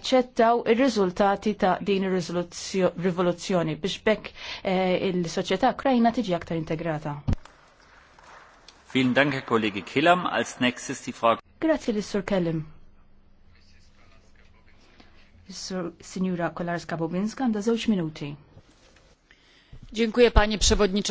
Aċċettaw ir-riżultati ta' din ir-rivoluzzjoni biex bekk eh, il-soċjetà Ukraina tiġi aktar integrata. Vielen Dank, Herr Kollege Killam. Als nächstes die Frage. Grazie, Lissur Kellim. Signora Kolarska-Bobinska, da żewġ minuti. Dziękuję, Panie Przewodniczący.